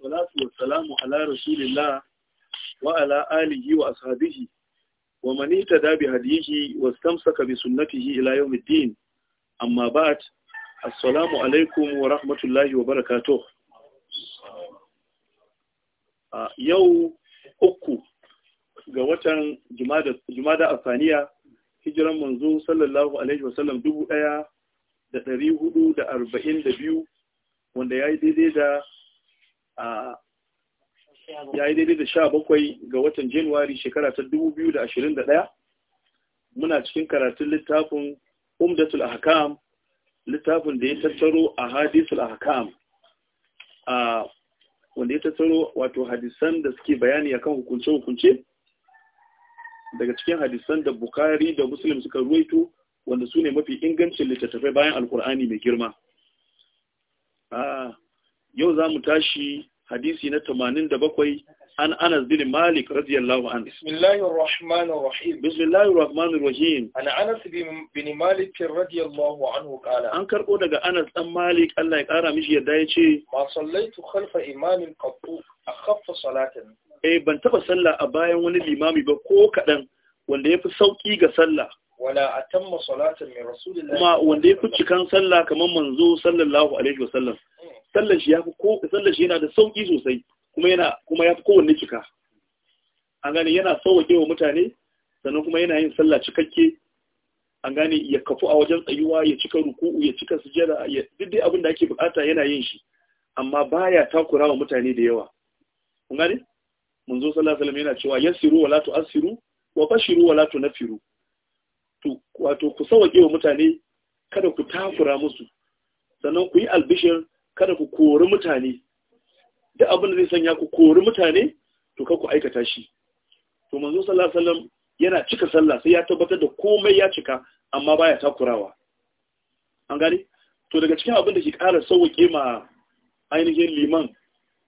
والصلاة والسلام على رسول الله وعلى آله وأصحابه ومن اهتدى بهديه واستمسك بسنته إلى يوم الدين أما بعد السلام عليكم ورحمة الله وبركاته yau uku ga watan jumada Asaniya, hijiran manzo sallallahu alaihi wasallam dubu daya da dari hudu da arba'in da biyu wanda ya yi daidai da ya yi daidai da sha bakwai ga watan januwari shekara ta dubu biyu da ashirin da ɗaya muna cikin karatun littafin umdatul ahkam littafin da ya tattaro a hadisul ahkam a wanda ya tattaro wato hadisan da suke bayani akan hukunce-hukunce daga cikin hadisan da bukari da muslim suka ruwaito wanda su ne mafi ingancin littattafai bayan alkur'ani mai girma yau za mu tashi hadisi na tamanin da bakwai an Anas bin Malik radiyallahu anhu Bismillahir Rahmanir Rahim Bismillahir Rahmanir Rahim Ana Anas bin Malik radiyallahu anhu kala An karbo daga Anas ɗan Malik Allah ya ƙara mishi yadda yace Ma sallaitu khalfa imamin qattu akhaffa salatin. Eh ban taɓa sallah a bayan wani limami ba ko kaɗan wanda ya fi sauƙi ga sallah wala atamma salatan min rasulillahi kuma wanda yake cikin sallah kamar manzo sallallahu alaihi wasallam sallar shi yafi ko sallar shi yana da sauki sosai kuma yana kuma yafi kowanne cika an gane yana sauke wa mutane sannan kuma yana yin sallah cikakke an gane ya kafu a wajen tsayuwa ya cika ruku'u ya cika sujada ya duk dai abin da ake bukata yana yin shi amma baya takura wa mutane da yawa kun gane manzo sallallahu alaihi wasallam yana cewa yasiru wala tu'siru wa bashiru wala tunfiru wato ku sauke wa mutane kada ku takura musu sannan ku yi albishir kada ku kori mutane duk abin da zai sanya ku kori mutane to ka ku aikata shi to manzo sallallahu alaihi wasallam yana cika sallah sai ya tabbatar da komai ya cika amma baya takurawa an gani to daga cikin abin da ke ƙara sauke ma ainihin liman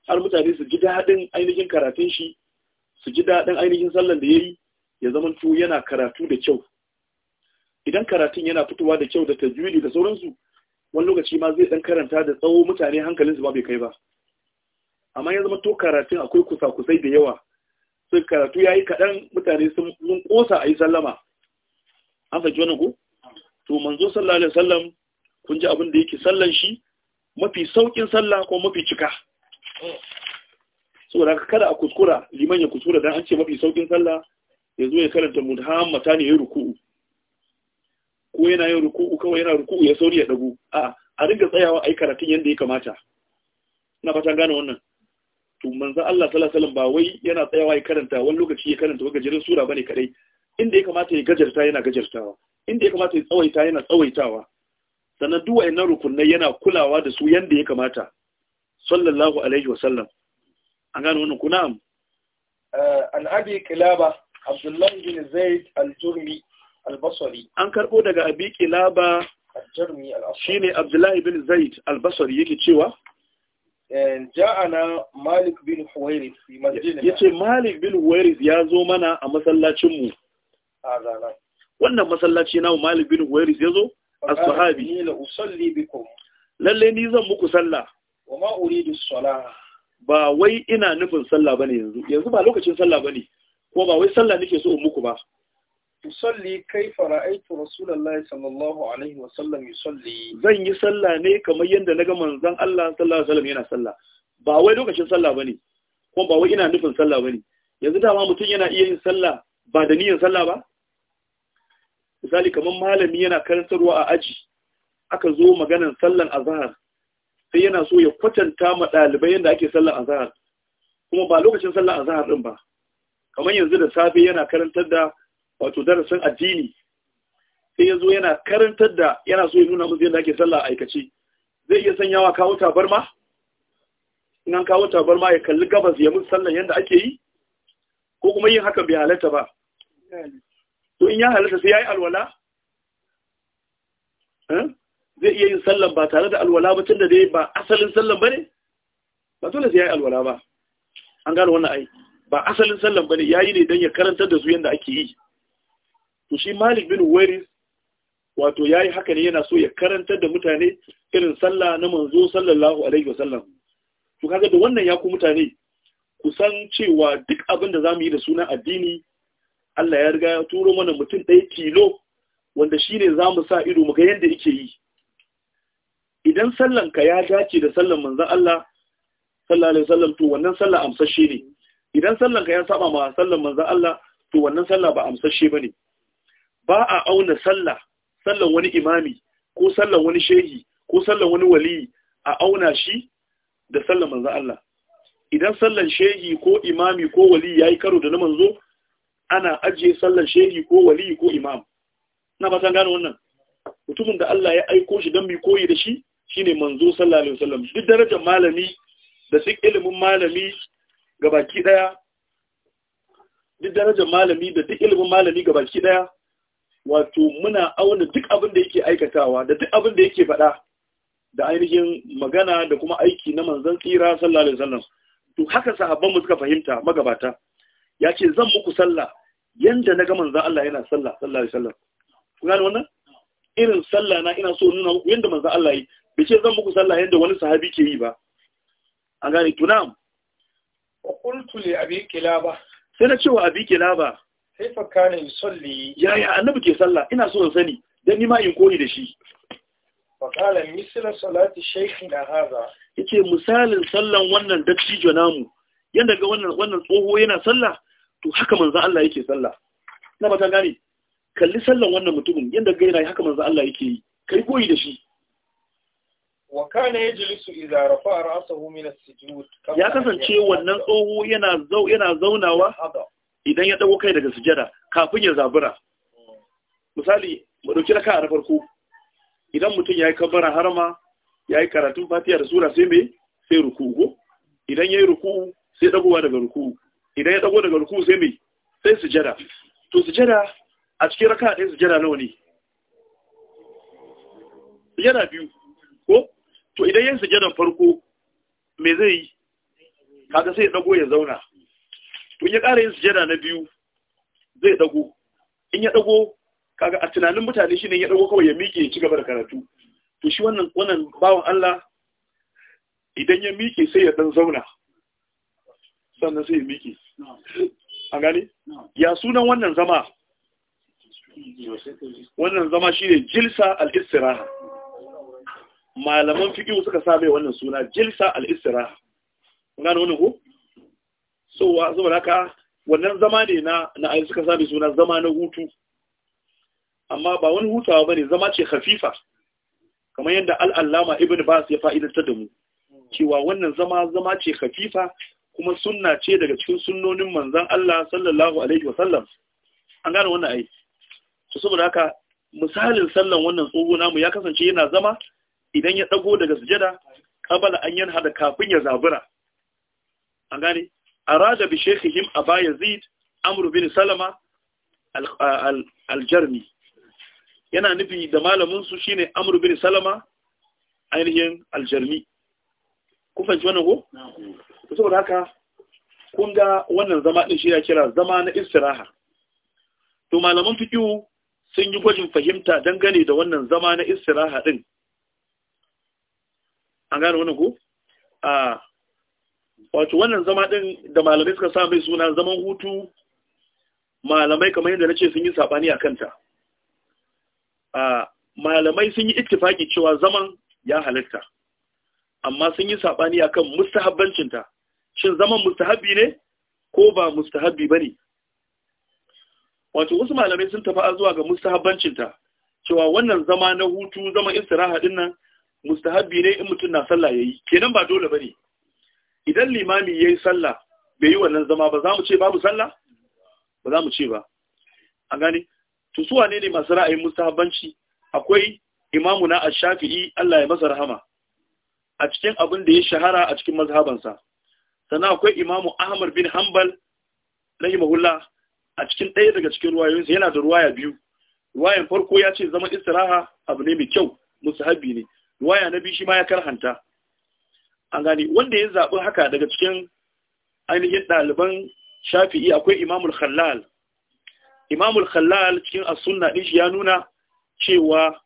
har mutane su ji daɗin ainihin karatun shi su ji daɗin ainihin sallan da ya yi ya zama yana karatu da kyau idan karatun yana fitowa da kyau da tajwidi da sauransu wani lokaci ma zai dan karanta da tsawo mutane hankalinsu ba bai kai ba amma ya zama to karatun akwai kusa-kusai da yawa sai karatu ya yi kaɗan mutane sun ƙosa a yi sallama an fahimci wani ko to manzo sallallahu alaihi wasallam kun ji abin da yake sallan shi mafi saukin sallah ko mafi cika da kada a kuskura liman ya kuskura dan an ce mafi saukin sallah ya zo ya karanta mudhammata ne ya ruku'u ko yana yin ruku'u kawai yana ruku'u ya sauri ya dagu a a ringa tsayawa yi karatun yanda ya kamata ina fatan gane wannan to manzo Allah sallallahu alaihi wasallam ba wai yana tsayawa ya karanta wani lokaci ya karanta wani gajeren sura bane kadai inda ya kamata ya gajarta yana gajartawa inda ya kamata ya tsawaita yana tsawaitawa sannan duk wayannan rukunai yana kulawa da su yanda ya kamata sallallahu alaihi wasallam an gane wannan kuna am eh, an abi kilaba abdullahi bin zaid al-jurmi al an karbo daga Abiki abi shi ne abdullahi bin zaid al-basri yake cewa ja'ana malik bin huwairis fi masjidina malik bin huwairis ya zo mana a masallacinmu. wannan masallaci na malik bin huwairis ya zo? sahabi ni lalle ni zan muku sallah ba wai ina nufin sallah bane yanzu yanzu ba lokacin sallah ba ne, ko ba wai sallah nake so in muku ba usalli kaifa ra'aytu rasulullahi sallallahu alaihi wa sallam ya salli. zan yi salla ne kamar yadda na naga manzon Allah sallallahu alaihi wasallam yana salla. ba wai lokacin salla ba ne, kuma ba wai ina nufin salla ba ne. yanzu dama mutum yana iya yin salla, ba da niyyar sallah ba misali kamar malami yana karantarwa a aji aka zo maganan sallan azahar, sai yana so ya kwatanta ma ɗalibai yadda ake sallan azahar. kuma ba lokacin sallan azahar ɗin ba kamar yanzu da safe yana karantar da wato darasin addini sai ya zo yana karantar da yana so ya nuna musu yadda ake sallah aikace zai iya sanyawa kawo tabarma in an kawo tabarma ya kalli gabas ya musu sallan yadda ake yi ko kuma yin haka bai halatta ba to in ya halatta sai ya yi alwala eh? zai iya yin sallan ba tare da alwala ba tunda dai ba asalin sallan ba ne ba dole sai ya yi alwala ba an gano wannan ai ba asalin sallan ba ne ya yi ne don ya karantar da su yadda ake yi to shi malik bin waris wato ya yi haka ne yana so ya karantar da mutane irin sallah na manzo sallallahu alaihi wasallam to kaga da wannan ya ku mutane ku san cewa duk abin da za mu yi da sunan addini Allah ya riga ya turo mana mutum ɗaya kilo wanda shi ne za mu sa ido mu ga yadda yake yi idan sallanka ya dace da sallan manzon Allah sallallahu alaihi wasallam to wannan sallah amsashe ne idan sallanka ya saba ma sallan manzon Allah to wannan sallah ba amsashe bane ba a auna sallah sallan wani imami ko sallan wani shehi ko sallan wani wali a auna shi da sallan manzo Allah idan sallan shehi ko imami ko wali yayi karo da na manzo ana ajiye sallan shehi ko wali ko imam na ba san gane wannan mutumin da Allah ya aiko shi don mai koyi da shi shine manzo sallallahu alaihi wasallam duk darajar malami da duk ilimin malami gabaki daya duk darajar malami da duk ilimin malami gabaki daya wato muna auna duk abin da yake aikatawa da duk abin da yake faɗa da ainihin magana da kuma aiki na manzan tsira sallallahu alaihi wasallam to haka sahabban mu suka fahimta magabata ya ce zan muku sallah yanda na ga Allah yana sallah sallallahu alaihi wasallam ku gane wannan irin sallah na ina so nuna muku yanda manzan Allah yi bace ce zan muku sallah yanda wani sahabi ke yi ba an gane tunam wa qultu li abi kilaba sai na ce wa abi kilaba kaifa kana yusalli yaya annabi ke sallah ina so in sani dan ni ma in koyi da shi fa qala misla salati shaykhina hadha yace misalin sallan wannan dattijo namu yanda ga wannan wannan tsoho yana sallah to haka manzo Allah yake sallah ina ba ta gane kalli sallan wannan mutumin yanda ga yana haka manzo Allah yake yi kai koyi da shi wa kana yajlisu idza rafa'a ra'sahu min as-sujud ya kasance wannan tsoho yana zau yana zaunawa idan ya ɗauko kai daga sujada kafin ya zabura misali mu dauki raka a farko idan mutum yayi kabbara harama yayi karatun fatiha da sura sai me sai ruku'u idan yayi ruku'u sai dagowa daga ruku'u idan ya dago daga ruku'u sai me sai sujada to sujada a cikin raka ɗaya sujada nawa ne sujada biyu ko to idan yi sujadan farko me zai yi kaga sai ya dago ya zauna to in ya ƙara yin sujada na biyu zai dago in ya dago kaga a tunanin mutane shine ya dago kawai ya miƙe ya ci gaba da karatu to shi wannan wannan bawan Allah idan ya miƙe sai ya dan zauna sannan sai ya miƙe A gani, ya sunan wannan zama wannan zama shine jilsa al-istiraha malaman fiqh suka same wannan suna jilsa al-istiraha an gane wannan ko sowa saboda haka wannan zama ne na na ayi suka sami suna zama na hutu amma ba wani hutawa ba ne zama ce khafifa kamar yadda al-allama ibn bas ya fa'idantar da mu cewa wannan zama zama ce khafifa kuma sunna ce daga cikin sunnonin manzon Allah sallallahu alaihi wasallam an gane wannan ai to saboda haka misalin sallan wannan tsoho namu ya kasance yana zama idan ya dago daga sujada kabala an yana hada kafin ya zabura an gane arada bi shekihim a yazid amr bin salama al yana nufi da malamin su shine amr bin salama ainihin al-jarmi kun fahimci wannan haka kun wannan zama din shi ya kira zama na istiraha to malaman fiqhu sun yi gwajin fahimta dangane da wannan zama na istiraha din an gane wannan ko a wato wannan zama din da malamai suka sa mai suna zaman hutu malamai kamar yadda ce sun yi sabani a kanta a malamai sun yi ittifaki cewa zaman ya halitta amma sun yi sabani akan mustahabbancin ta shin zaman mustahabbi ne ko ba mustahabbi bane wato wasu malamai sun tafi zuwa ga mustahabbancin cewa wannan zama na hutu zaman istiraha dinnan nan mustahabbi ne in mutum na sallah ya yi? kenan ba dole bane idan limami ya yi sallah bai yi wannan zama ba za mu ce babu sallah ba za mu ce ba a gani Tusuwa ne ne masu ra'ayin mustahabbanci akwai imamu na ashafi'i shafii Allah ya masa rahama a cikin abin da ya shahara a cikin mazhabansa sannan akwai imamu Ahmad bin Hanbal rahimahullah a cikin ɗaya daga cikin ruwayoyinsa yana da ruwaya biyu ruwayan farko ya ce zama istiraha abu ne mai kyau mustahabbi ne ruwaya na biyu shi ma ya karhanta an gane wanda ya zaɓi haka daga cikin ainihin ɗaliban shafi'i akwai imamul khallal imamul khallal cikin asunna ɗin shi ya nuna cewa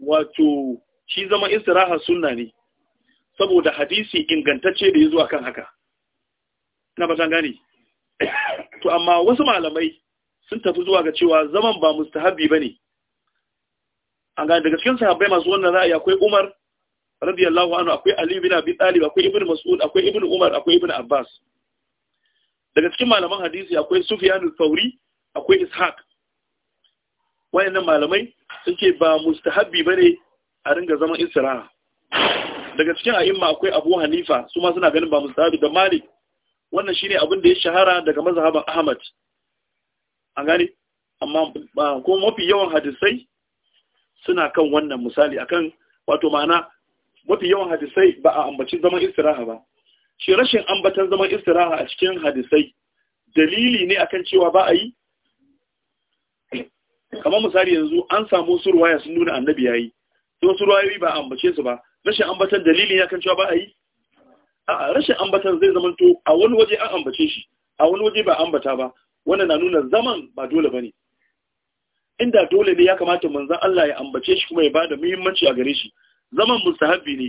wato shi zama istiraha sunna ne saboda hadisi ingantacce da ya zuwa kan haka na ba gane to amma wasu malamai sun tafi zuwa ga cewa zaman ba mustahabbi ne. an gane daga cikin sahabbai masu wannan ra'ayi akwai Umar radiyallahu anhu akwai Ali bin Abi Talib akwai Ibn Mas'ud akwai Ibn Umar akwai Ibn Abbas daga cikin malaman hadisi akwai Sufyan al-Thawri akwai Ishaq wayannan malamai sun ce ba mustahabbi bane a ringa zaman istiraha daga cikin a'imma akwai Abu Hanifa su ma suna ganin ba mustahabbi da Malik wannan shine abin da ya shahara daga mazhaban Ahmad an gane amma ko mafi yawan hadisai suna kan wannan misali akan wato ma'ana mafi yawan hadisai ba a ambaci zaman istiraha ba shi rashin ambatan zaman istiraha a cikin hadisai dalili ne akan cewa ba a yi kamar misali yanzu an samu surwaya sun nuna annabi yayi sai surwayoyi ba a ambace su ba rashin ambatan dalili ne akan cewa ba a yi a rashin ambatan zai zama to a wani waje an ambace shi a wani waje ba ambata ba wannan na nuna zaman ba dole bane inda dole ne ya kamata manzon Allah ya ambace shi kuma ya bada muhimmanci a gare shi zaman mustahabbi ne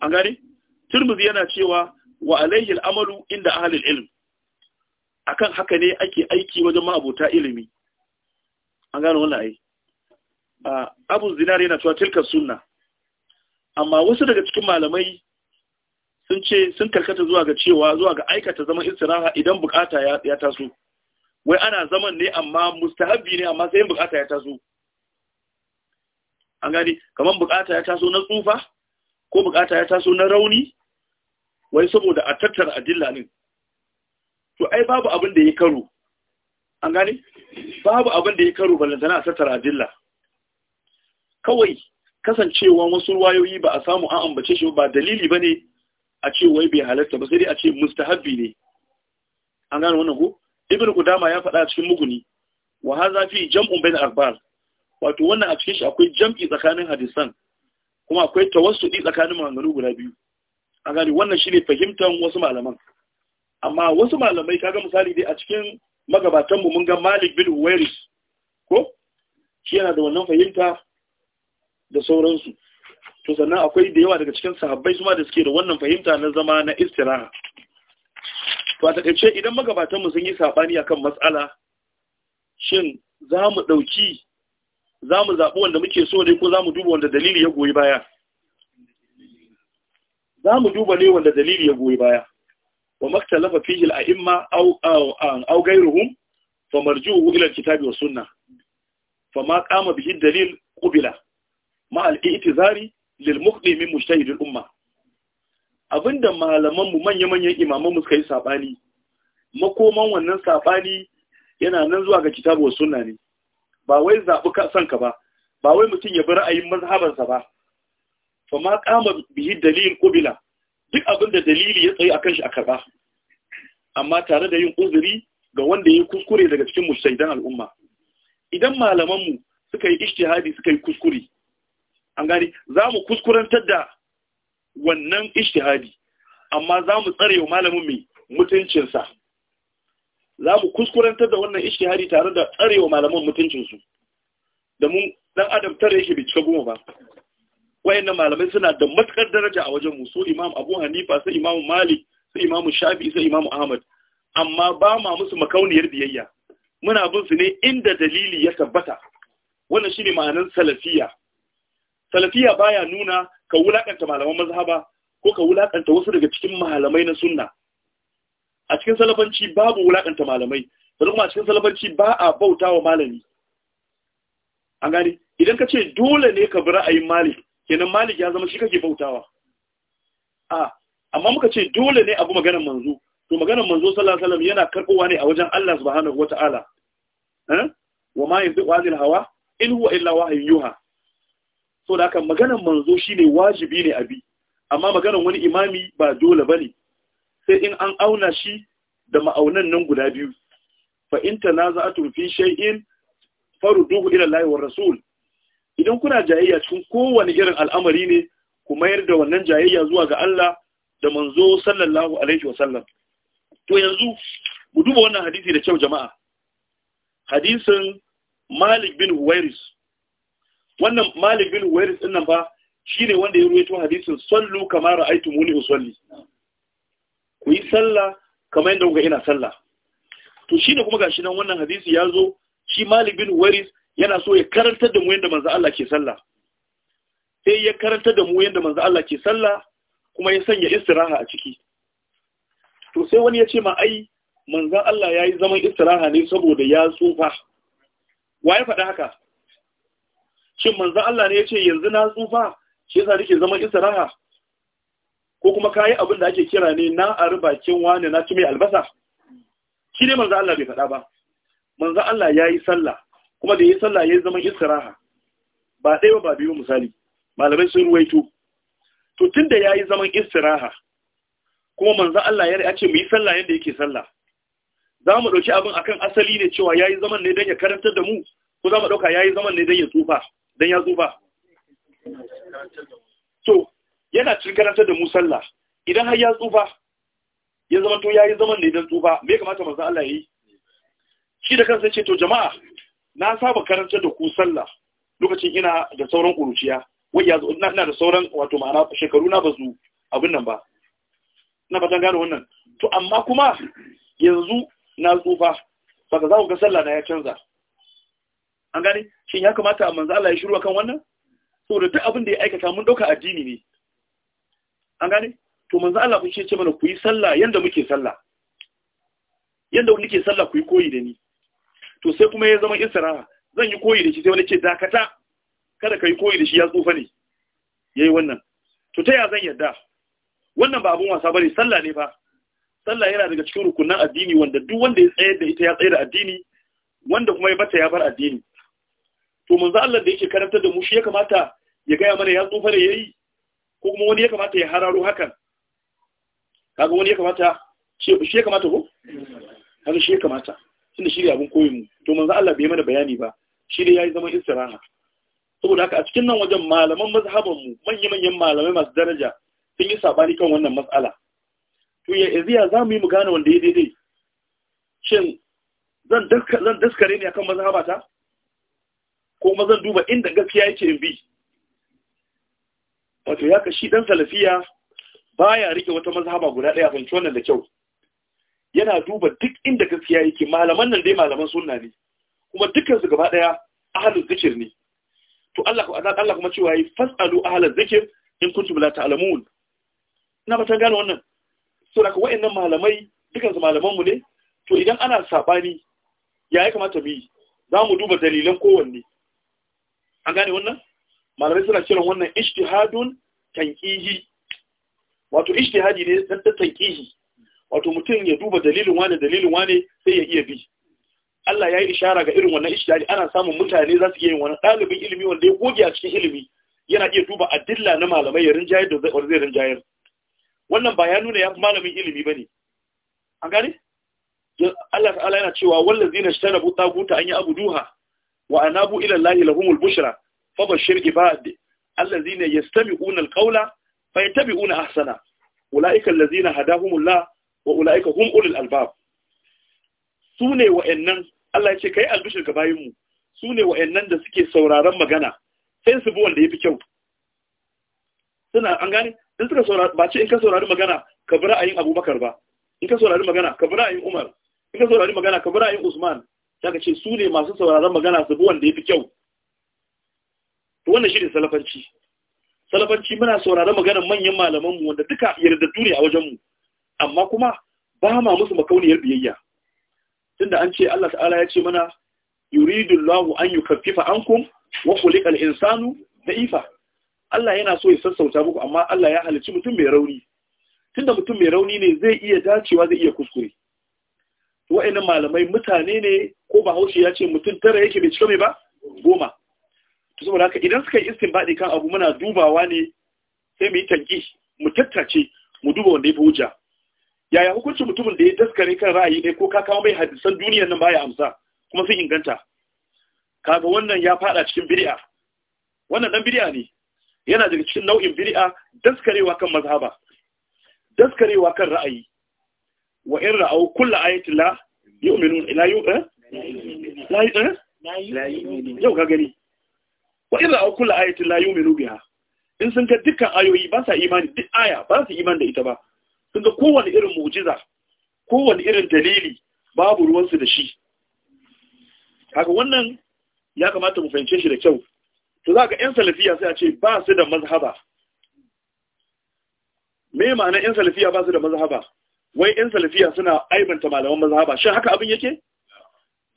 an gane turmuzi yana cewa wa alayhi al'amalu inda ahli ilm akan haka ne ake aiki wajen ma'abota ilimi an gane wannan ai abu zinar yana cewa tilka sunna amma wasu daga cikin malamai sun ce sun karkata zuwa ga cewa zuwa ga aikata zaman istiraha idan bukata ya taso wai ana zaman ne amma mustahabbi ne amma sai bukata ya taso an gani kamar bukata ya taso na tsufa ko bukata ya taso na rauni wai saboda a tattara adilla ne to ai babu abin da ya karo an gani babu abin da ya karo ballantana a tattara adilla kawai kasancewa wasu ruwayoyi ba a samu an ambace shi ba dalili bane a ce wai bai halarta ba sai dai a ce mustahabbi ne an gane wannan ko ibnu qudama ya faɗa cikin muguni wa hadha fi jam'un bain akbar wato wannan a cikin shi akwai jam'i tsakanin hadisan kuma akwai tawassudi tsakanin maganganu guda biyu a gani wannan shi ne fahimtar wasu malaman amma wasu malamai kaga misali dai a cikin magabatanmu mun ga malik bin huwairis ko shi yana da wannan fahimta da sauransu to sannan akwai da yawa daga cikin sahabbai suma da suke da wannan fahimta na zama na istiraha to a takaice idan magabatanmu sun yi sabani akan matsala shin za mu ɗauki za mu zaɓi wanda muke so ne ko za mu duba wanda dalili ya goyi baya za mu duba ne wanda dalili ya goyi baya wa maktalafa fihil a imma au gairuhun fa marju ila kitabi wa sunna fa ma kama bihi dalil Kubila, ma al lil min umma abinda malaman mu manya manyan imaman mu suka yi sabani makoman wannan sabani yana nan zuwa ga kitabu wa sunna ne ba wai zaɓi ka ba ba wai mutum ya bi ra'ayin mazhabansa ba fa ma kama bihi dalil ƙubila duk abin da dalili ya tsaye akan shi a karɓa. amma tare da yin uzuri ga wanda ya kuskure daga cikin mushaidan al'umma idan malaman mu suka yi ijtihadi suka yi kuskure an gani zamu kuskurantar da wannan ijtihadi amma zamu tsare wa malamin mai mutuncinsa za mu kuskurantar da wannan ishihari tare da tsarewa malaman mutuncinsu da mun dan adam tare yake bai goma ba wayanna malamai suna da matukar daraja a wajen musu imam abu hanifa sai imam malik sai imam shafi sai imam ahmad amma ba ma musu makauniyar biyayya muna bin su ne inda dalili ya tabbata wannan shine ma'anar salafiya salafiya baya nuna ka wulakanta malaman mazhaba ko ka wulakanta wasu daga cikin malamai na sunna a cikin salafanci babu wulakanta malamai sannan kuma a cikin salafanci ba a bauta malami an gani idan ka ce dole ne ka bi ra'ayin malik kenan malik ya zama shi kake bautawa a amma muka ce dole ne abu maganar manzo to maganar manzo sallallahu alaihi wasallam yana karbowa ne a wajen Allah subhanahu wataala eh wa ma yanzu anil hawa in huwa illa wahyu yuha so da haka maganar manzo shine wajibi ne abi amma maganar wani imami ba dole bane sai in an auna shi da ma'aunan nan guda biyu fa in tanaza'atum fi shay'in farudduhu ila Allah wa rasul idan kuna jayayya cikin kowane irin al'amari ne ku mayar da wannan jayayya zuwa ga Allah da manzo sallallahu alaihi wasallam to yanzu mu duba wannan hadisi da kyau jama'a hadisin Malik bin Huwairis wannan Malik bin Huwairis din nan ba shine wanda ya ruwaito hadisin sallu kama ra'aytumuni usalli ku yi sallah kamar yadda kuka ina sallah to shine kuma gashi nan wannan hadisi ya zo shi Malik bin Waris yana so ya karantar da mu yadda manzo Allah ke sallah sai ya karantar da mu yadda manzo Allah ke sallah kuma ya sanya istiraha a ciki to sai wani ya ce ma ai manzo Allah yayi zaman istiraha ne saboda ya tsufa wa ya faɗa haka shin manzo Allah ne ya ce yanzu na tsufa shi yasa nake zaman istiraha ko kuma kayi abin da ake kira ne na a bakin wani na tumi albasa shi ne manzo Allah bai faɗa ba manzo Allah ya yi sallah kuma da ya yi sallah ya zaman istiraha ba ɗaya ba biyu misali malamai sun ruwaito to tun da ya zaman istiraha kuma manzo Allah ya ce mu yi sallah yadda yake sallah za mu ɗauki abin akan asali ne cewa ya zaman ne don ya karantar da mu ko za mu ɗauka yayi zaman ne don ya tsufa dan ya tsufa to yana cin karanta da mu sallah idan har ya tsufa ya zama to yayi zaman ne dan tsufa me kamata manzo Allah yayi shi da kansa ce to jama'a na saba karantar da ku sallah lokacin ina da sauran kuruciya wai zo ina da sauran wato ma'ana shekaru na bazu abin nan ba ina fatan gano wannan to amma kuma yanzu na tsufa saka za ku ga sallah na ya canza an gane shin ya kamata manzo Allah ya shiru akan wannan saboda duk abin da ya aikata mun dauka addini ne an gane to manzo Allah kun ce mana ku yi sallah yanda muke sallah yanda ke sallah ku yi koyi da ni to sai kuma ya zama isra'a zan yi koyi da shi sai wani ce dakata kada ka yi koyi da shi ya tsufa ne yayi wannan to ta ya zan yadda wannan ba abun wasa bane sallah ne fa sallah yana daga cikin rukunan addini wanda duk wanda ya tsayar da ita ya tsayar da addini wanda kuma ya bata ya bar addini to manzo Allah da yake karantar da mu shi ya kamata ya gaya mana ya tsufa ne yayi ko kuma wani ya kamata ya hararo hakan kaga wani ya kamata shi ya kamata ko kaga shi ya kamata tunda shi ne abin koyi mu to manzo Allah bai mana bayani ba shi dai yayi zaman istiraha saboda haka a cikin nan wajen malaman mazhaban mu manyan manyan malamai masu daraja sun yi sabani kan wannan matsala to ya iziya za mu yi mu gane wanda ya daidai shin zan daskare ne akan mazhabata ko kuma zan duba inda gaskiya yake in bi wato ya kashi ɗan salafiya baya rike wata mazhaba guda daya a wannan da kyau yana duba duk inda gaskiya yake malaman nan dai malaman sunna ne kuma dukkan su gaba daya ahlul zikir ne to Allah Allah kuma cewa yi fasalu ahlul zikir in kuntum la ta'lamun ina ba ta gane wannan so da wa'annan malamai dukkan su malaman mu ne to idan ana sabani ya ya kamata mu za mu duba dalilan kowanne an gane wannan malamai suna kiran wannan ijtihadun tanqihi wato ijtihadi ne dan ta tanqihi wato mutum ya duba dalilin wane dalilin wane sai ya iya bi Allah ya yi ishara ga irin wannan ijtihadi ana samun mutane za su iya yin wani ɗalibin ilimi wanda ya goge a cikin ilimi yana iya duba adilla na malamai ya rinjayar da zai zai rinjayar wannan ba ya nuna ya malamin ilimi ba ne an gane Allah ta'ala yana cewa wallazina shtarabu taguta an yi abu duha wa anabu ila lahi lahumul bushra fa bashir ibadi allazina yastami'una alqawla fa yattabi'una ahsana ulaika allazina hadahumullah wa ulaika hum ulul albab sune wa'annan Allah ya ce kai albishir ga bayinmu sune wa'annan da suke sauraron magana sai su bi wanda yafi kyau suna an gane in suka saurari ba ce in ka saurari magana ka bi ra'ayin Abubakar ba in ka saurari magana ka bi ra'ayin Umar in ka saurari magana ka bi ra'ayin Usman daga ce su ne masu sauraron magana su bi wanda yafi kyau to wannan shi ne salafanci salafanci muna saurare maganar manyan malamanmu wanda duka yarda ne a wajenmu amma kuma ba ma musu makauniyar biyayya tunda an ce Allah ta'ala ya ce mana yuridu Allahu an yukaffifa ankum wa khuliqal insanu da'ifa Allah yana so ya sassauta muku amma Allah ya halicci mutum mai rauni tunda mutum mai rauni ne zai iya dacewa zai iya kuskure wa'annan malamai mutane ne ko Bahaushe ya ce mutum tara yake bai cika mai ba goma to saboda haka idan suka yi istinbadi kan abu muna dubawa ne sai mu yi tanki mu tattace mu duba wanda ya fi hujja yaya hukuncin mutumin da ya daskare kan ra'ayi ne ko ka kawo mai hadisan duniyar nan baya amsa kuma sun inganta kaga wannan ya fada cikin bid'a wannan dan bid'a ne yana daga cikin nau'in bid'a daskarewa kan mazhaba daskarewa kan ra'ayi wa in ra'au kullu ayatin la la eh? la yu'minu eh? eh? yau ka gani wa idza akula ayatin la yu'minu biha in sun ga dukkan ayoyi ba sa imani duk aya ba su imani da ita ba sun ga kowane irin mu'jiza kowane irin dalili babu ruwansu da shi haka wannan ya kamata mu fahimce shi da kyau to za ga 'yan salafiya sai a ce ba su da mazhaba me ma'ana 'yan salafiya ba su da mazhaba wai 'yan salafiya suna aibanta malaman mazhaba shin haka abin yake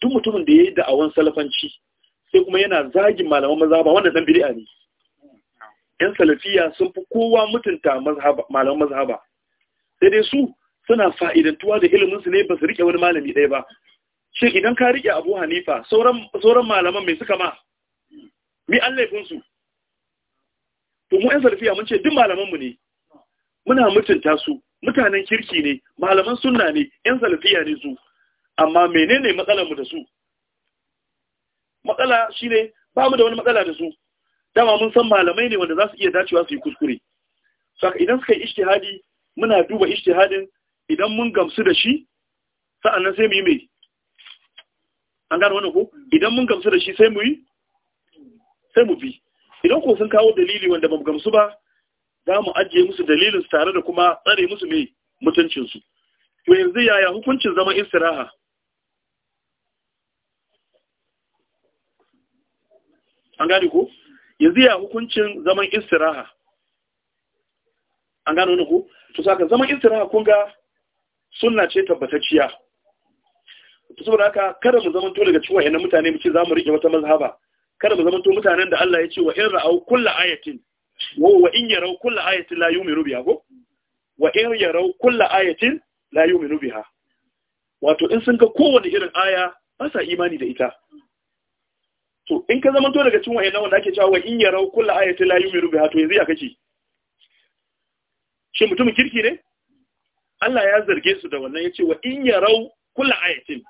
duk mutumin da ya yi da'awan salafanci sai kuma yana zagin malaman mazhaba wanda dan bid'a ne yan salafiya sun fi kowa mutunta malaman mazhaba sai dai su suna fa'idantuwa da ilimin su ne ba su rike wani malami ɗaya ba shin idan ka rike Abu Hanifa sauran sauran malaman me suka ma mi an laifin su to mu yan salafiya mun ce duk malaman mu ne muna mutunta su mutanen kirki ne malaman sunna ne yan salafiya ne su amma menene matsalar mu da su matsala shi ne ba mu da wani matsala da su dama mun san malamai ne wanda za su iya dacewa su yi kuskure saka idan suka yi ishtihadi muna duba ishtihadin idan mun gamsu da shi sa'annan sai mu yi mai an gane wannan ko idan mun gamsu da shi sai mu yi sai mu bi idan ko sun kawo dalili wanda mu gamsu ba za mu ajiye musu dalilin tare da kuma tsare musu mai mutuncinsu to yanzu yaya hukuncin zaman istiraha an gane ku yanzu ya hukuncin zaman istiraha an gano ni ku? to saka zaman istiraha kun ga sunna ce tabbatacciya to saboda haka kada mu to daga cikin wayannan mutane mu ce za mu rike wata mazhaba kada mu to mutanen da Allah ya ce wa in ra'au kullu ayatin wa wa in yarau kullu ayatin la yu'minu biha ko wa in yarau kullu ayatin la yu'minu biha wato in sun ga kowane irin aya ba sa imani da ita to in ka zamanto daga cikin wayannan wanda ake cewa in yarau kullu ayati la mai biha to yanzu ya kace shi mutumin kirki ne Allah ya zarge su da wannan yace wa in yarau kullu ayatin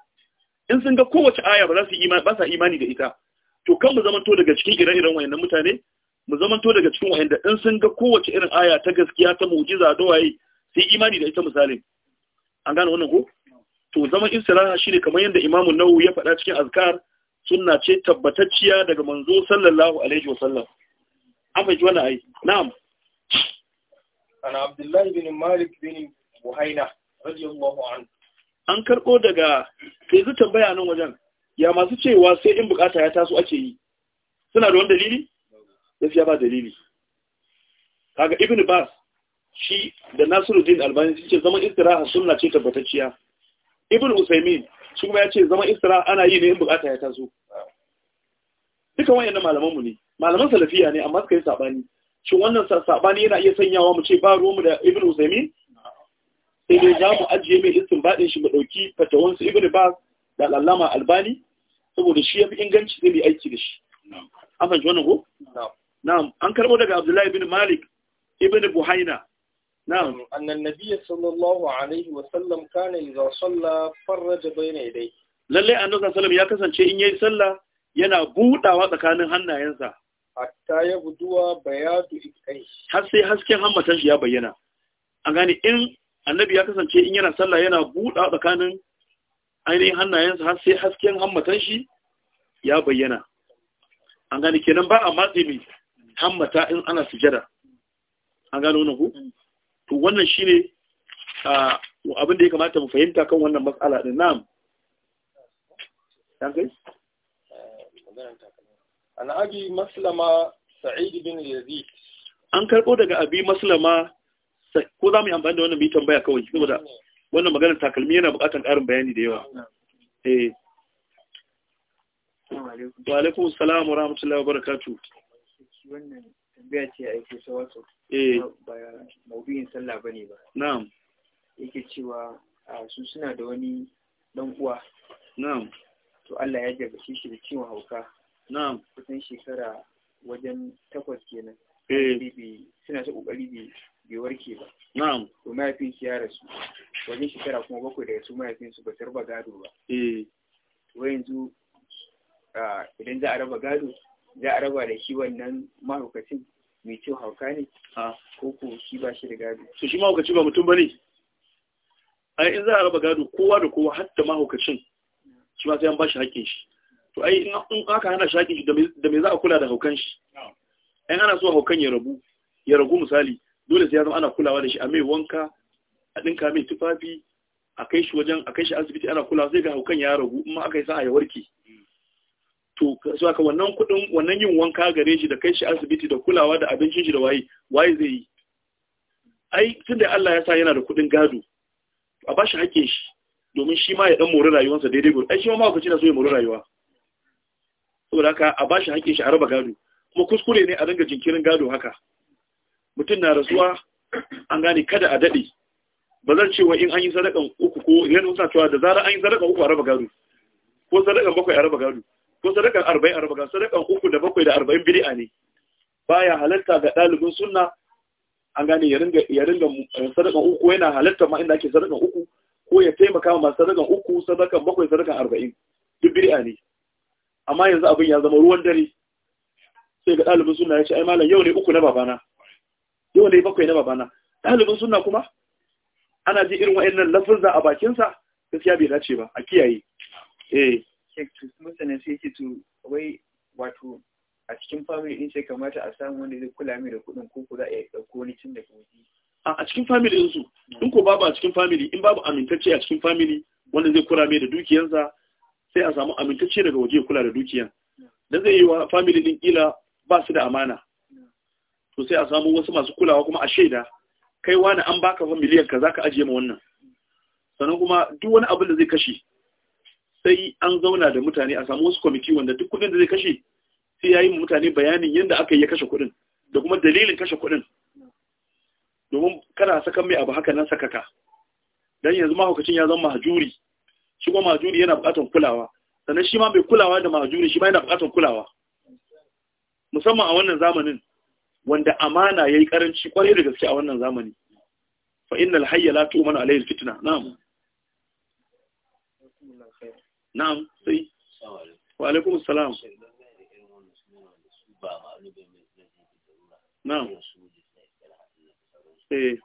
in sun ga kowace aya ba za su imani ba sa imani da ita to kan mu zamanto daga cikin ire-iren wayannan mutane mu zamanto daga cikin wayanda in sun ga kowace irin aya ta gaskiya ta mu'jiza da waye sai imani da ita misali an gane wannan ko to zaman istiraha shine kamar yadda Imam nawu ya faɗa cikin azkar sunna ce tabbatacciya daga manzo sallallahu alaihi wasallam amma ji wannan ai na'am ana abdullahi bin malik bin buhaina radiyallahu anhu an karbo daga sai zu tambaya nan wajen ya masu cewa sai in bukata ya taso ake yi suna da wani dalili gaskiya ba dalili kaga ibnu bas shi da nasiruddin albani ce zaman istiraha sunna ce tabbatacciya ibnu usaymin shi kuma ya ce zama istira ana yi ne in bukata ya taso dukan wayannan malaman mu ne malaman salafiya ne amma suka yi sabani shin wannan sabani yana iya sanyawa mu ce ba ruwanmu da ibn usaimin sai dai za mu ajiye mai baɗin shi mu ɗauki fatawan su ibn ba da lallama albani saboda shi yafi inganci zai yi aiki da shi an fahimci wannan ko na'am an karbo daga abdullahi bin malik ibn buhaina نعم أن النبي صلى الله عليه وسلم كان إذا صلى فرج بين يديه للي annabi ya kasance in yayi sallah yana budawa tsakanin hannayensa hatta ينسى حتى يبدو ikai har sai hasken hammatan shi ya bayyana an in annabi ya kasance in yana sallah yana budawa tsakanin ainihin hannayensa har sai hasken hammatan shi ya bayyana an gani kenan ba a matsi mai hammata in ana sujada an gano na ku mm. to wannan shi abin da ya kamata mu fahimta kan wannan matsala da nam. an abi maslama sa'id bin yazid an karbo daga abi maslama ko za mu yi amfani da wannan mu yi tambaya kawai saboda wannan maganar takalmi yana buƙatar ƙarin bayani da yawa eh wa alaikum salam wa rahmatullahi wa barakatuh tambaya ce a yake shawarsu eh. ba maudu'in sallah ba ne ba na'am yake cewa su suna da wani dan uwa na'am to Allah ya jaba shi da ciwon hauka na'am kusan shekara wajen takwas kenan eh. suna ta kokari bai bai warke ba na'am to mahaifin shi ya rasu wajen shekara kuma bakwai da su mahaifin su ba gado ba eh yanzu idan za a raba gado za a raba da shi wannan mahaukacin mai kyau hauka ne a ko shi ba shi da gado su shi mahaukaci ba mutum ba ne yi in za a raba gado kowa da kowa hatta mahaukacin shi ma sai an ba shi haƙƙin shi to ai in aka hana shi haƙƙin shi da mai za a kula da haukan shi ɗan ana so haukan ya rabu ya ragu misali dole sai ya zama ana kulawa da shi a mai wanka a ɗinka mai tufafi a kai shi wajen a kai shi asibiti ana kulawa sai ga haukan ya ragu in ma aka yi sa'a ya warke to saka wannan kudin wannan yin wanka gare shi da kai shi asibiti da kulawa da abincin shi da waye waye zai yi ai tunda Allah ya sa yana da kudin gado a ba shi hakkin shi domin shi ma ya dan mori rayuwarsa daidai gudu ai shi ma mawakaci na so ya mori rayuwa saboda haka a ba shi hakkin shi a raba gado kuma kuskure ne a dinga jinkirin gado haka mutum na rasuwa an gane kada a dade ba zan cewa in an yi sadakan uku ko yana suna cewa da zarar an yi sadakan uku a raba gado ko sadakan bakwai a raba gado ko sadakar arba'in arba'in sadakar uku da bakwai da arba'in bidi'a ne baya halatta ga ɗalibin sunna an gane ya ringa eh, sadakar uku yana halatta ma inda ake sadakar uku ko ya taimaka ma sadakar uku sadakar bakwai sadakar arba'in duk bidi'a ne amma yanzu abin ya zama ruwan dare sai ga ɗalibin sunna ya ce ai malam yau ne uku na babana yau ne bakwai na babana ɗalibin sunna kuma ana ji irin wa'annan lafuzza a bakinsa gaskiya bai dace ba a kiyaye eh sai to sai to wai wato a cikin family din sai kamata a samu wanda zai kula mai da kuɗin ko ko za a ɗauko wani cin daga waje a cikin family din su in ko babu a cikin family in babu amintacce a cikin family wanda zai kula mai da dukiyarsa sai a samu amintacce daga waje kula da dukiyan dan zai yi wa family din kila ba su da amana to sai a samu wasu masu kulawa kuma a shaida kai wani an baka fa ka kaza ka ajiye ma wannan sannan kuma duk wani abin da zai kashe sai an zauna da mutane a samu wasu kwamiti wanda duk kudin da zai kashe sai ya yi mutane bayanin yadda aka yi ya kashe kudin da kuma dalilin kashe kudin domin kana sakan mai abu haka nan sakaka Don yanzu mahaukacin ya zama mahajuri shi kuma mahajuri yana bukatar kulawa sannan shi ma bai kulawa da mahajuri shi ma yana bukatar kulawa musamman a wannan zamanin wanda amana ya yi karanci kwarai da gaske a wannan zamani fa innal hayya la tu'manu alayhi fitna na'am na'am sai wa alaikum salam na'am sai mm.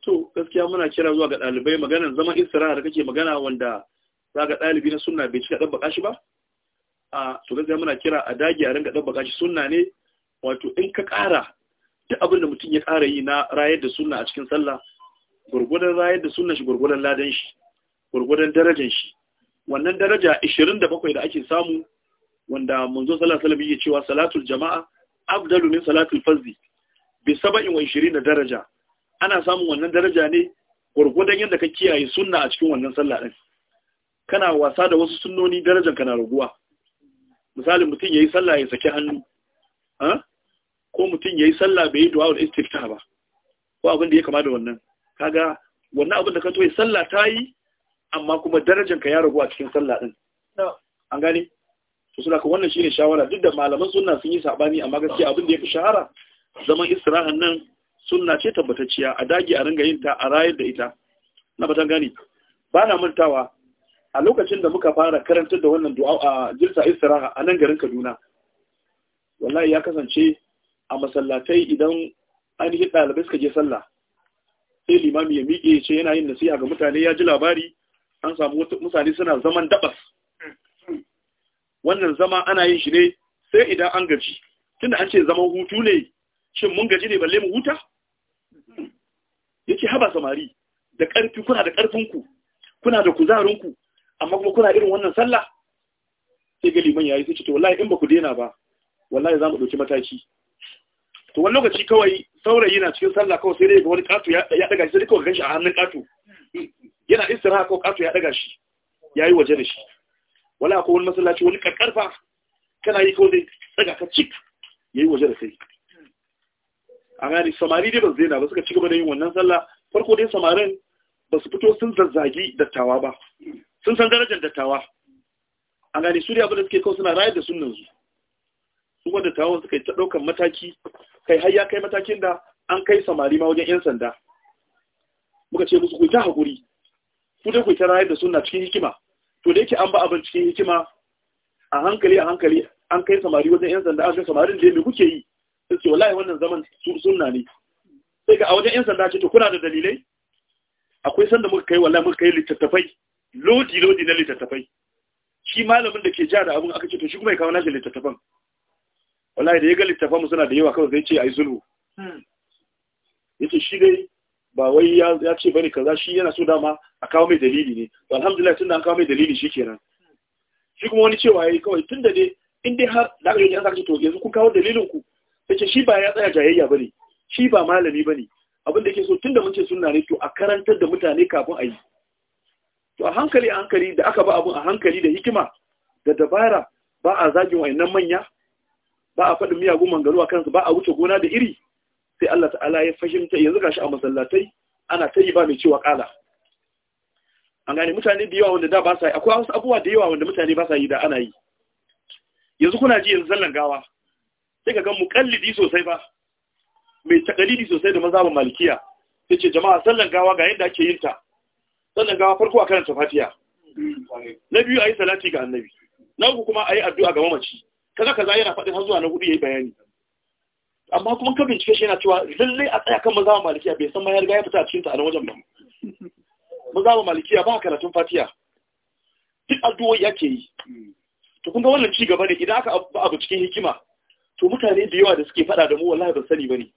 to gaskiya muna kira zuwa ga ɗalibai maganar zama isra da kake magana wanda za ga ɗalibi na sunna bai cika ɗan ba shi ba a to gaskiya muna kira a dage a ringa dabbaka shi sunna ne wato in ka ƙara duk abin da mutum ya ƙara yi na rayar da sunna a cikin sallah gurgudan rayar da sunna shi gurgudan ladan shi gurgudan darajar shi wannan daraja 27 da ake samu wanda manzo sallallahu alaihi wasallam yake cewa salatul jama'a afdalu min salatul fardhi bi 27 daraja ana samun wannan daraja ne gurgudan yadda ka kiyaye sunna a cikin wannan sallah din kana wasa da wasu sunnoni darajar kana raguwa misali mutum ya yi sallah ya saki hannu ko mutum ya yi sallah bai yi du'a da istiftah ba ko abin da ya kama da wannan kaga wannan abin da ka toye sallah ta yi amma kuma darajar ka ya ragu a cikin sallah din an gane to suna ka wannan shine shawara duk da malaman sunna sun yi sabani amma gaskiya abin da ya fi shahara zaman istirahan nan sunna ce tabbatacciya a dagi, a ringa yin ta a rayar da ita na batan gani ba na mantawa a lokacin da muka fara karantar da wannan du'a a jirsa istiraha a nan garin Kaduna wallahi ya kasance a masallatai idan an yi dalibai suka je sallah sai limami ya miƙe ce yana yin nasiha ga mutane ya ji labari an samu mutane suna zaman dabas wannan zama ana yin shi ne sai idan an gaji tunda an ce zaman hutu ne shin mun gaji ne balle mu huta yace haba samari da ƙarfi kuna da ƙarfinku kuna da kuzarinku amma kuma kuna irin wannan sallah sai ga liman yayi sai ce to wallahi in ba ku daina ba wallahi za mu ɗauki mataki to wani lokaci kawai saurayi na cikin sallah kawai sai dai ga wani katu ya daga shi sai kawai ganshi a hannun katu yana istiraha kawai katu ya daga shi yayi waje da shi wala akwai wani masallaci wani kakkarfa kana yi kawai daga ka cik yayi waje da kai a gani samari dai ba su daina ba suka ci gaba da yin wannan sallah farko dai samarin ba su fito sun zazzagi dattawa ba sun san darajar dattawa a gani su da abin da suke kawo suna rayar da sunan su su wanda dattawan suka yi ta ɗaukar mataki kai har ya kai matakin da an kai samari ma wajen 'yan sanda muka ce musu ku haƙuri ku dai kuita ta rayar da suna cikin hikima to da yake an ba abin cikin hikima a hankali a hankali an kai samari wajen 'yan sanda an kai samarin da mai kuke yi Da ce wallahi wannan zaman sunna ne sai ga a wajen 'yan sanda ce to kuna da dalilai akwai sanda muka kai wallahi muka kai littattafai lodi lodi na littattafai shi malamin da ke ja da abin aka ce to shi kuma ya kawo nashi littattafan wallahi da ya ga littattafan suna da yawa kawai zai ce ai sulhu hmm. yace shi dai ba wai ya ce bane kaza shi yana so dama a kawo mai dalili ne to alhamdulillah tunda an kawo mai dalili shikenan shi kuma wani cewa yayi kawai tunda dai in dai har da aka yi an saka to yanzu kun kawo dalilin ku yace shi ba ya tsaya jayayya bane shi ba malami bane abin da yake so tunda mun ce sunna ne to a karantar da mutane kafin a yi to a hankali a hankali da aka ba abun a hankali da hikima da dabara ba a zagin wayannan manya ba a faɗin miyagun mangaru a kansu ba a wuce gona da iri sai Allah ta'ala ya fahimta yanzu gashi a masallatai ana ta yi ba mai cewa ƙala an gane mutane da yawa wanda da ba sa yi akwai wasu abubuwa da yawa wanda mutane ba sa yi da ana yi yanzu kuna ji yanzu zallan gawa sai ka ga mukallidi sosai ba mai takalidi sosai da mazhabin malikiya sai ce jama'a sallan gawa ga yadda ake yin ta sannan gawa farko a karanta Fatiya. na biyu a yi salati ga annabi na uku kuma a yi addu'a ga mamaci kaza kaza yana faɗin har zuwa na hudu ya yi bayani amma kuma ka bincike shi yana cewa lallai a tsaya kan mazawa malikiya bai san ma ya ya fita a cikin ta a nan wajen ba mazawa malikiya ba karatun Fatiya. duk addu'o'i yake yi to kun ga wannan ci gaba ne idan aka abu cikin hikima to mutane da yawa da suke faɗa da mu wallahi ban sani ne?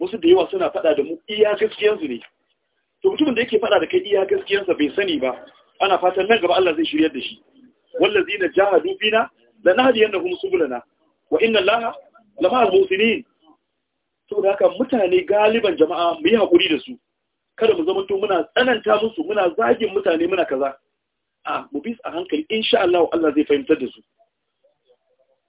wasu da yawa suna faɗa da mu iya gaskiyarsu ne to mutumin da yake faɗa da kai iya gaskiyar sa bai sani ba ana fatan nan gaba Allah zai shiryar da shi wallazina jahadu bina annahum subulana wa inna Allaha muslimin to da haka mutane galiban jama'a mu yi hakuri da su kada mu zama to muna tsananta musu muna zagin mutane muna kaza a mu bi a hankali insha Allah Allah zai fahimtar da su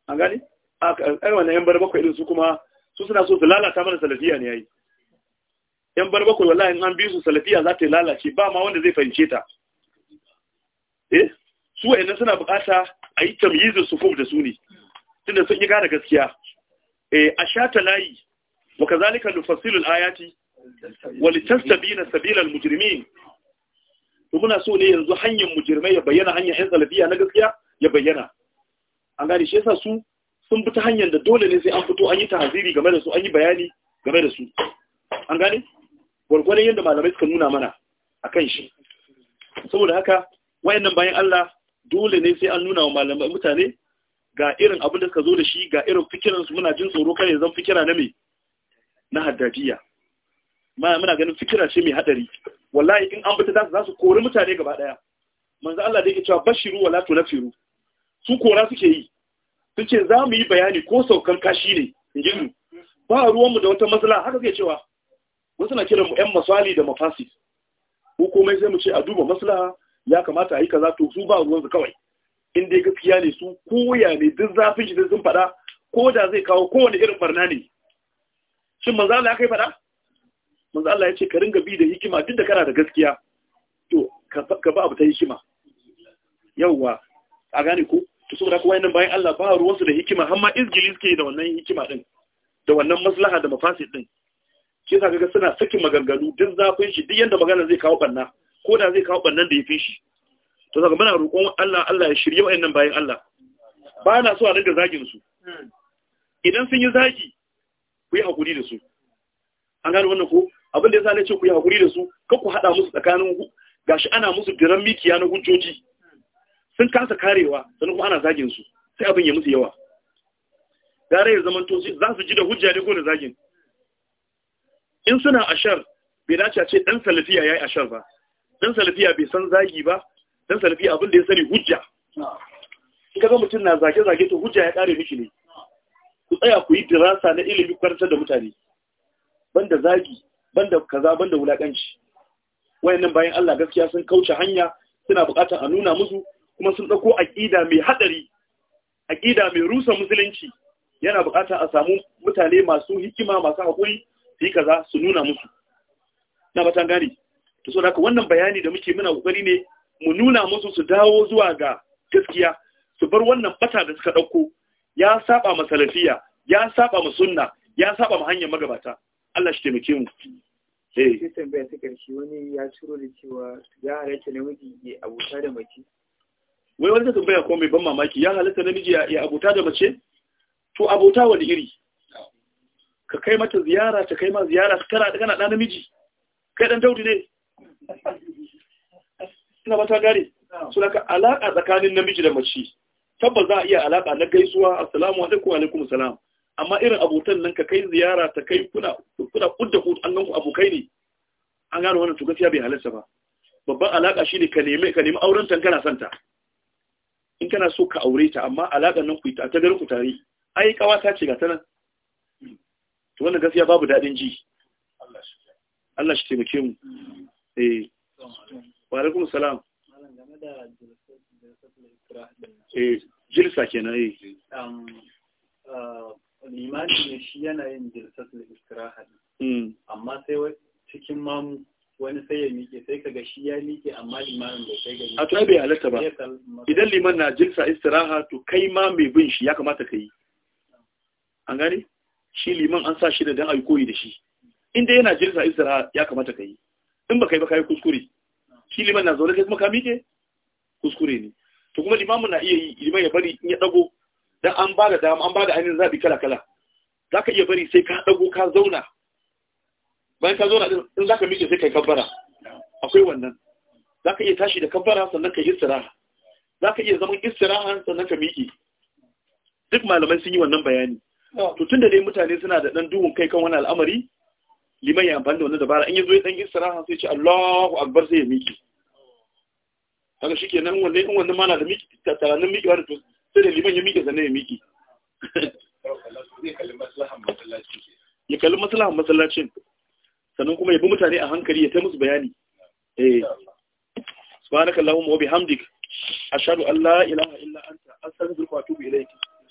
an gane a kai wannan yan bar bakwai din su kuma su suna so su lalata mana salafiya ne yayi yan bar bakwai wallahi an bi su salafiya za ta lalace ba ma wanda zai fahimce ta eh su wayannan suna bukata a yi tamyizin sufuf da su ne tunda sun yi gara gaskiya eh a shata layi wa kazalika nufasilul ayati wa litastabina sabila almujrimin to muna so ne yanzu hanyar mujrimai ya bayyana hanyar yan salafiya na gaskiya ya bayyana an gane shi yasa su sun bi ta hanyar da dole ne sai an fito an yi tahaziri game da su an yi bayani game da su an gane Gwargwadan yadda malamai suka nuna mana a kan shi saboda haka wayannan bayan Allah dole ne sai an nuna wa malamai mutane ga irin abin da suka zo da shi ga irin fikiran su muna jin tsoro kare zan fikira na me na haddadiya muna ganin fikira ce mai hadari wallahi in an bata za su kori mutane gaba daya manzo Allah da yake cewa bashiru wala tunafiru su kora suke yi sun ce za mu yi bayani ko saukan kashi ne in ji ba ruwanmu da wata matsala haka zai cewa wasu na kiran mu ƴan masali da mafasi ko komai sai mu ce a duba maslaha ya kamata a yi kaza to su ba ruwan su kawai in dai gaskiya ne su koya ne duk zafin shi sun faɗa ko da zai kawo kowane irin barna ne shin manzo Allah ya kai faɗa manzo Allah ya ce ka ringa bi da hikima duk da kana da gaskiya to ka ba abu ta hikima yawwa a gane ko to saboda kuma yana bayan Allah ba ruwansu da hikima har ma izgili suke da wannan hikima din da wannan maslaha da mafasid din shi sa kaga suna sakin maganganu duk zafin shi duk yanda magana zai kawo banna ko da zai kawo bannan da ya fi shi to saka muna roƙon Allah Allah ya shirye wa'annan bayan Allah ba na so a dinga zagin su idan sun yi zagi ku yi hakuri da su an gano wannan ko abin da yasa na ce ku yi hakuri da su ka ku hada musu tsakanin gashi ana musu diran mikiya na hujjoji sun kasa karewa sannan kuma ana zagin su sai abin ya musu yawa gare ya zamanto za su ji da hujja ne ko da zagin in suna ashar bai dace a ce dan salafiya yayi ashar ba dan salafiya bai san zagi ba dan salafiya abin da ya sani hujja in kaga mutum na zage zage to hujja ya kare miki ne ku tsaya ku yi dirasa na ilimi kwantar da mutane banda zagi banda kaza banda wulakanci wayannan bayan Allah gaskiya sun kauce hanya suna buƙatar a nuna musu kuma sun dauko aqida mai hadari aqida mai rusa musulunci yana buƙatar a samu mutane masu hikima masu haƙuri su yi kaza su nuna musu na batan gani to so haka wannan bayani da muke muna kokari ne mu nuna musu su dawo zuwa ga gaskiya su bar wannan bata da suka dauko ya saba ma salafiya ya saba ma sunna ya saba ma hanyar magabata Allah shi taimake mu eh sai tambaya ta karshe wani ya ciro da cewa ya halatta namiji ya abuta da mace wai wani ta tambaya ko mai ban mamaki ya halatta namiji ya abota da mace to abota wani iri ka kai mata ziyara ta kai ma ziyara kara kana da namiji kai dan daudi ne ina ba ta gare so daga alaka tsakanin namiji da mace tabbas za a iya alaka na gaisuwa assalamu alaikum wa alaikum salam amma irin abotan nan ka kai ziyara ta kai kuna kuna kudda ku an ganku abokai ne an gano wannan to bai halarta ba babban alaka shine ka nemi ka nemi auren ta kana santa in kana so ka aure ta amma alakan nan ku ta ta garin ku tare ai kawata ce ga ta nan to wannan gaskiya babu daɗin ji Allah shi taimake mu eh wa alaikum salam eh jilsa kenan eh um, uh, limani ne shi yana yin da istiraha hmm. amma sai cikin mamu wani sai ya miƙe sai kaga shi ya miƙe amma limanin bai kai gari a to bai halatta ba idan liman na jilsa istiraha to kai ma mai bin shi ya kamata ka yi an gane shi liman an sa shi da dan ayi koyi da shi in dai yana jirsa isra ya kamata ka yi in ba yi ba kai kuskure shi liman na zaune kai kuma ka miƙe kuskure ne to kuma limamu na iya yi liman ya bari in ya dago dan an ba da dama an ba da ainihin zabi kala kala zaka iya bari sai ka dago ka zauna bayan ka zauna in zaka miƙe sai kai kabbara akwai wannan zaka iya tashi da kabbara sannan kai istiraha zaka iya zaman istiraha sannan ka miƙe duk malamai sun yi wannan bayani to tunda dai mutane suna da dan duhun kai kan wani al'amari liman ya amfani da wannan dabara in yazo ya dan istiraha sai ya ce Allahu akbar sai ya miki Haka shikenan wanda in ma mana da miki nan miki wanda sai da liman ya miki sannan ya miki ya kalli maslahan masallacin sannan kuma ya bi mutane a hankali ya ta musu bayani eh subhanakallahumma wa bihamdik ashhadu an la ilaha illa anta astaghfiruka wa atubu ilayk